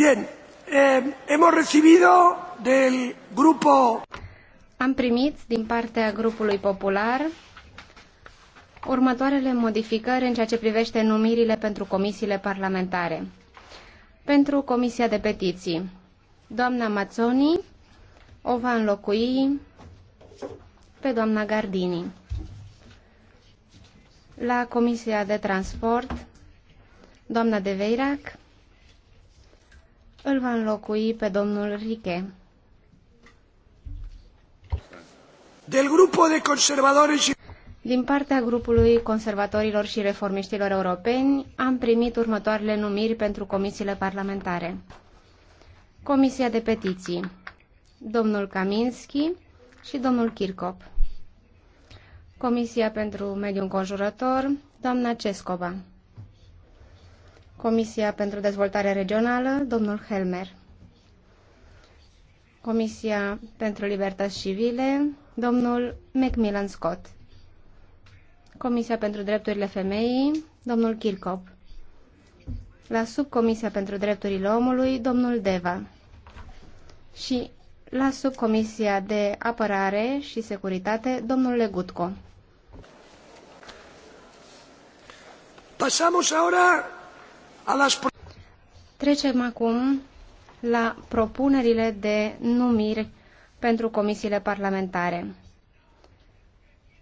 Eh, Am primit din partea grupului popular următoarele modificări în ceea ce privește numirile pentru comisiile parlamentare. Pentru Comisia de Petiții, doamna Mazzoni o va înlocui pe doamna Gardini. La Comisia de Transport, doamna De Veirac îl va înlocui pe domnul Riche. Del grupo de conservadores și... Din partea grupului conservatorilor și reformiștilor europeni am primit următoarele numiri pentru comisiile parlamentare. Comisia de petiții. Domnul Kaminski și domnul Kirkop. Comisia pentru Mediul înconjurător, doamna Cescova. Comisia pentru Dezvoltare Regională, domnul Helmer. Comisia pentru Libertăți Civile, domnul Macmillan Scott. Comisia pentru Drepturile Femeii, domnul Kirkop. La Subcomisia pentru Drepturile Omului, domnul Deva. Și la Subcomisia de Apărare și Securitate, domnul Legutco. Pasamos ahora Trecem acum la propunerile de numiri pentru comisiile parlamentare.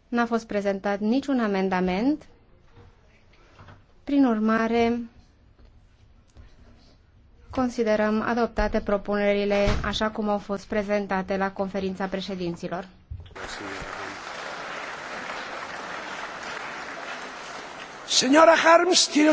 N-a fost prezentat niciun amendament, prin urmare considerăm adoptate propunerile așa cum au fost prezentate la conferința președinților. Señora Harms, tiene